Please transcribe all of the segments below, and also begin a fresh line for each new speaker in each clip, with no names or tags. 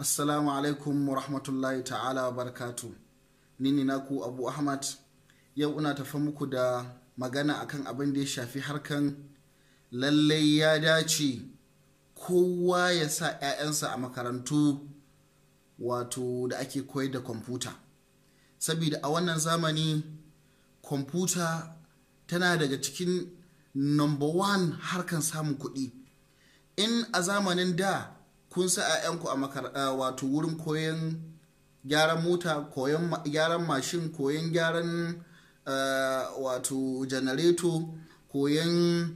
assalamu alaikum wa rahmatullahi ta'ala wa barkatu ni ne naku abu ahmad yau ina tafa muku da magana akan abin da ya shafi harkan lallai ya dace kowa ya sa 'ya'yansa a makarantu wato da ake koyar da kwamfuta saboda a wannan zamani kwamfuta tana daga cikin number one harkan samun kuɗi in a zamanin da kun sa 'ya'yanku a makara wato wurin koyon gyaran mota koyon gyaran mashin koyon gyaran wato janareto koyon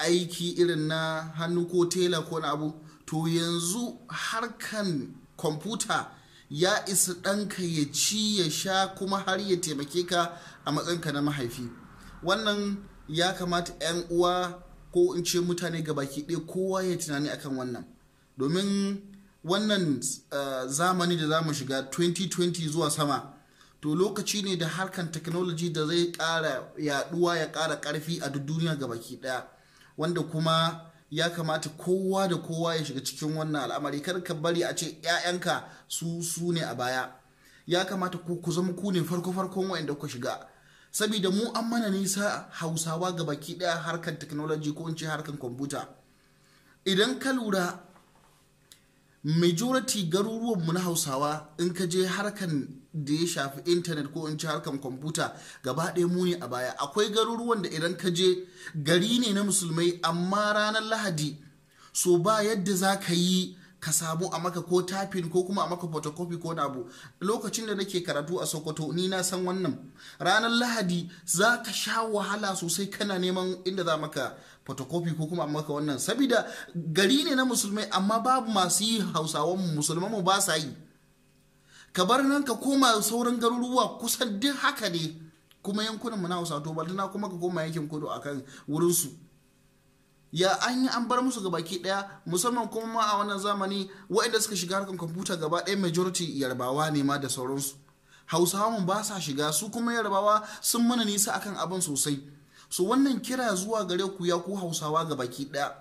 aiki irin na hannu ko tela ko na abu to yanzu harkan kwamfuta ya isa ɗanka ya ci ya sha kuma har ya taimake ka a matsayinka na mahaifi wannan ya kamata 'yan uwa ko in ce mutane gabaki ɗaya kowa ya tunani akan wannan domin wannan eh, zamani da za mu shiga 2020 zuwa sama to lokaci ne da harkan technology da zai ƙara yaduwa ya kara karfi a duk duniya baki ɗaya wanda kuma ya kamata kowa da kowa ya shiga cikin wannan al'amari kar ka bari a ce 'ya'yanka su su ne a baya ya kamata ku ku zama ku ne farko farkon wa'anda ku shiga saboda mu an mana nisa hausawa ga baki daya harkan technology ko in ce harkan kwamfuta idan ka lura majority garuruwanmu na hausawa in ka je harkan da ya shafi intanet ko in ci harkan kwamfuta gaba ɗaya muni a baya akwai garuruwan da idan ka je gari ne na musulmai amma ranar lahadi so ba yadda za ka yi ka samu a maka ko tafin ko kuma a maka photocopy ko abu lokacin da nake karatu a sokoto ni na san wannan ranar lahadi za ka sha wahala sosai kana neman inda za maka photocopy ko kuma a maka wannan sabida gari ne na musulmai amma babu masu yi hausawan musulman mu ba sa yi ka bar nan ka koma sauran garuruwa kusan duk haka ne kuma yankunan mu na hausa to na kuma ka koma yankin kudu akan wurin su ya an yi an bar musu ga baki daya musamman kuma ma a wannan zamani waɗanda suka shiga harkar kwamfuta gaba ɗaya majority yarbawa ne ma da sauransu mun ba sa shiga su kuma yarbawa sun mana nisa akan abin sosai Su wannan kira zuwa gare ku ya ku hausawa ga baki daya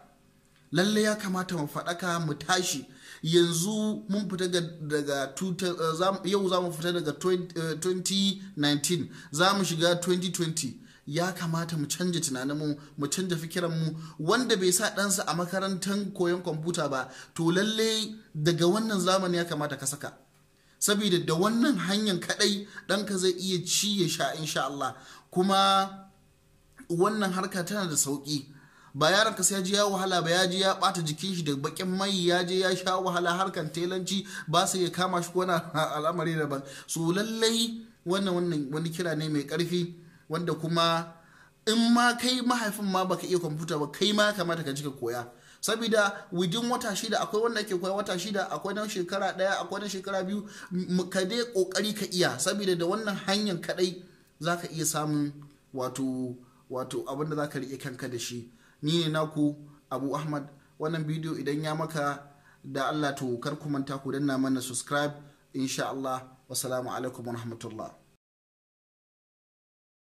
lalle ya kamata mu faɗaka mu tashi yanzu mun fita daga eh, yau za mu fita daga 2019 eh, za mu shiga 2020 ya kamata mu canja tunaninmu mu canja fikiranmu wanda bai sa ɗansa a makarantar koyon kwamfuta ba to lalle daga wannan zamani ya kamata ka saka saboda da wannan hanyar kaɗai ɗanka zai iya ci ya sha insha Allah kuma wannan harka tana da sauƙi ba yaron ka sai ji ya wahala ba ya ji ya bata jikin shi da bakin mai ya je ya sha wahala harkan telanci ba sai ya kama shi ko na al'amari daban so lallai wannan wani kira ne mai karfi wanda kuma in ma kai mahaifin ma baka iya kwamfuta ba kai ma kamata ka jika koya saboda wajen wata shida akwai wanda ke koya wata shida akwai na shekara daya akwai na shekara biyu ka dai kokari ka iya saboda da wannan hanyar kadai zaka iya samun wato wato abin da zaka rike kanka da shi ni ne naku abu ahmad wannan bidiyo idan ya maka da allah to kar ku manta ku danna mana subscribe insha allah wasalamu alaikum wa rahmatullah